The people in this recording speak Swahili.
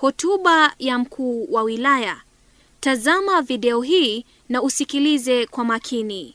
Hotuba ya mkuu wa wilaya. Tazama video hii na usikilize kwa makini.